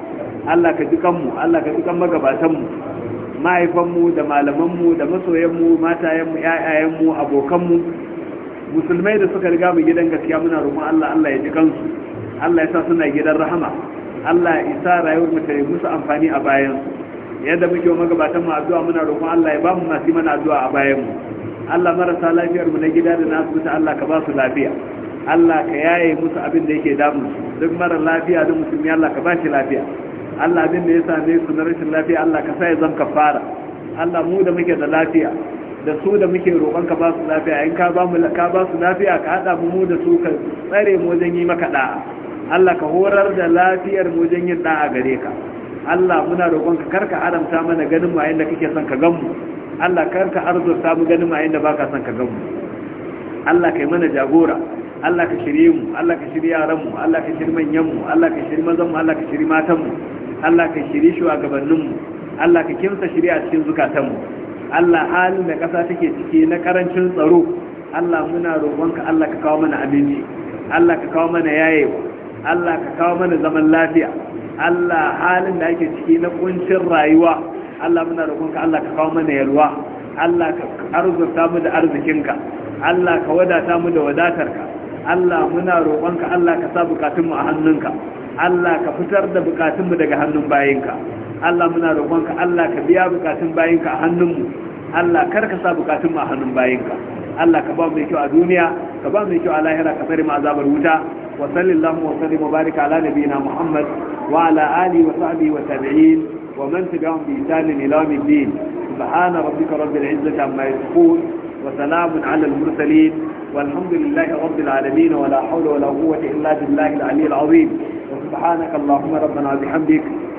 Allah ka ji kanmu Allah ka ji kan magabatanmu mahaifanmu da malamanmu da masoyanmu matayenmu ƴaƴayenmu abokanmu musulmai da suka riga mu gidan gaskiya muna roƙon Allah Allah ya ji kansu Allah ya sa suna gidan rahama Allah ya isa rayuwar mu ta yi musu amfani a bayan yadda muke wa magabatan mu addu'a muna roƙon Allah ya ba mu masu mana addu'a a bayan mu Allah marasa lafiyar mu na gida da na asibiti Allah ka ba su lafiya Allah ka yaye musu abin da yake damu duk mara lafiya da musulmi Allah ka ba shi lafiya Allah abin da ya same su na rashin lafiya Allah ka sa ya zama kafara Allah mu da muke da lafiya da su da muke roƙon ka ba su lafiya in ka ba ka ba su lafiya ka hada mu mu da su ka tsare mu wajen yi maka da'a Allah ka horar da lafiyar mu wajen yin da'a gare ka Allah muna roƙon ka karka haramta mana ganin mu a yanda kake son ka gan mu Allah ka arzurta mu ganin mu a yanda baka son ka gan mu Allah kai mana jagora Allah ka shirye mu Allah ka shirye yaran mu Allah ka shirye manyan mu Allah ka shirye mazan mu Allah ka shirye matan mu Allah ka shirye shugabannin mu Allah ka kimsa shirye a cikin zukatan mu Allah halin da ƙasa take ciki na ƙarancin tsaro Allah muna roƙonka Allah ka kawo mana abinci Allah ka kawo mana yayewa Allah ka kawo mana zaman lafiya Allah halin da ake ciki na kuncin rayuwa Allah muna roƙonka Allah ka kawo mana yalwa Allah ka arzuta mu da arzikinka Allah ka wadata mu da wadatarka Allah muna roƙonka Allah ka sa bukatunmu a hannunka Allah ka fitar da bukatunmu daga hannun bayinka Allah muna roƙonka Allah ka biya bukatun bayinka a hannunmu Allah kar ka sa bukatun mu a hannun bayinka Allah ka ba mu kyau a duniya ka ba mu kyau a lahira ka tsare mu azabar wuta wa sallallahu wa sallim wa barika ala nabiyina Muhammad wa ala alihi wa sahbihi wa tabi'in wa man tabi'ahum bi ihsan ila yawm الدين سبحان ربك رب العزة wa يصفون وسلام على المرسلين والحمد لله رب العالمين ولا حول ولا قوة إلا بالله العلي العظيم وسبحانك اللهم ربنا وبحمدك